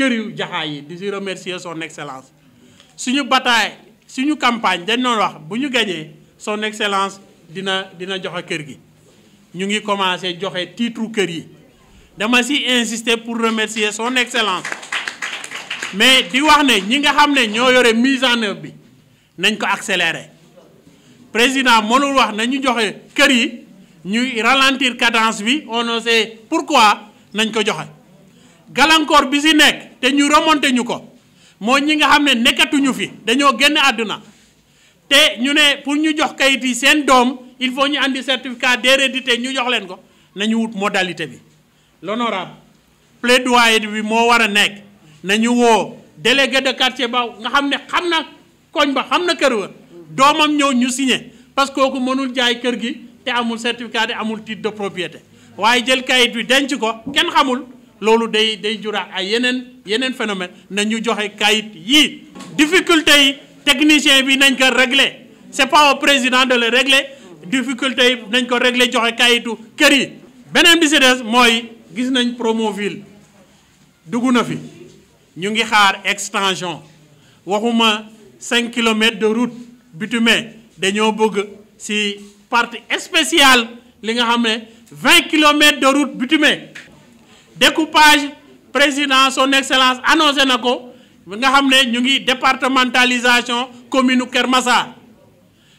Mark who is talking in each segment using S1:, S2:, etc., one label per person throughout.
S1: kër yu jaxaay yi di si remercier son excellence suñu bataille suñu campagne dañ doon wax bu ñu gañee son excellence dina dina joxe kër gi ñu ngi commencé joxe titre kër yi dama si insister pour remercier son excellence mais di wax ne ñi nga xam ne ñoo yore mise en œuvre bi nañ ko accélérer président mënul wax nañu joxe kër yi ñuy ralentir cadence bi on sait pourquoi nañ ko joxe gàllankoor bi si nekk te ñu remonté ñu ko moo ñi nga xam ne nekkatuñu fi dañoo génn àdduna te ñu ne pour ñu jox kayit yi seen doom il faut ñu andi certificat d'hérédité ñu jox leen ko nañu wut modalité bi l'honorable plaidoyer bi moo war a nekk nañu woo délégué de quartier ba nga xam ne xam na koñ ba xam na kër wa doomam ñëw ñu signé parce que kooku mënul jaay kër gi te amul certificat te amul titre de propriété waaye jël kayit bi denc ko kenn xamul loolu day day juraat ay yeneen yeneen phénomène na ñu joxe kayit yii difficulté yi technicien bi nañ ko régler c'est pas au président de le régler difficulté yi nañ ko régler joxe kayitu kër yi beneen bi si des mooy gis nañ Promoville dugg na fi ñu ngi xaar extension waxuma cinq kilomètres de route bitumée dañoo bëgg si partie spéciale li nga xam ne vingt kilomètres de route bitumée découpage président son excellence annoncé na ko nga xam ne ñu ngi départementalisation commune Kër Massar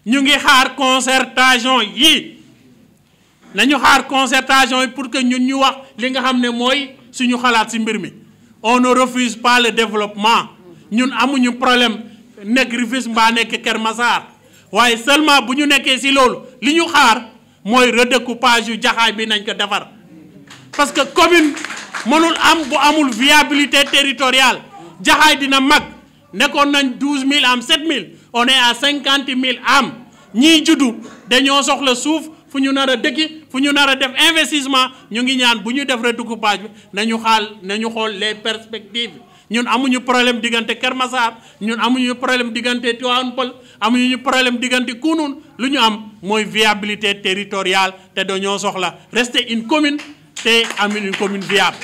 S1: ñu ngi xaar concertation yi nañu xaar concertation yi pour que ñun ñu wax li nga xam ne mooy suñu xalaat si mbir mi on ne refuse le développement ñun amuñu problème nekk mbaa nekk Kër Massar waaye seulement bu ñu nekkee si loolu li ñu xaar mooy redécoupage yu jaxaay bi nañ ko defar parce que commune mënul am bu amul viabilité territoriale jaxaay dina mag nekkoon nañ douze mille am sept mille on est à cinquante mille am ñiy juddu dañoo soxla suuf fu ñu nar a dëkki fu ñu nar a def investissement ñu ngi ñaan bu ñu def redécoupage bi nañu xaal nañu xool les perspectives ñun amuñu problème diggante Kër ñun amuñu problème diggante Tivaouane Peulh amuñu problème diggante Kounoune lu ñu am mooy viabilité territoriale te dañoo soxla rester une commune et am une commune viable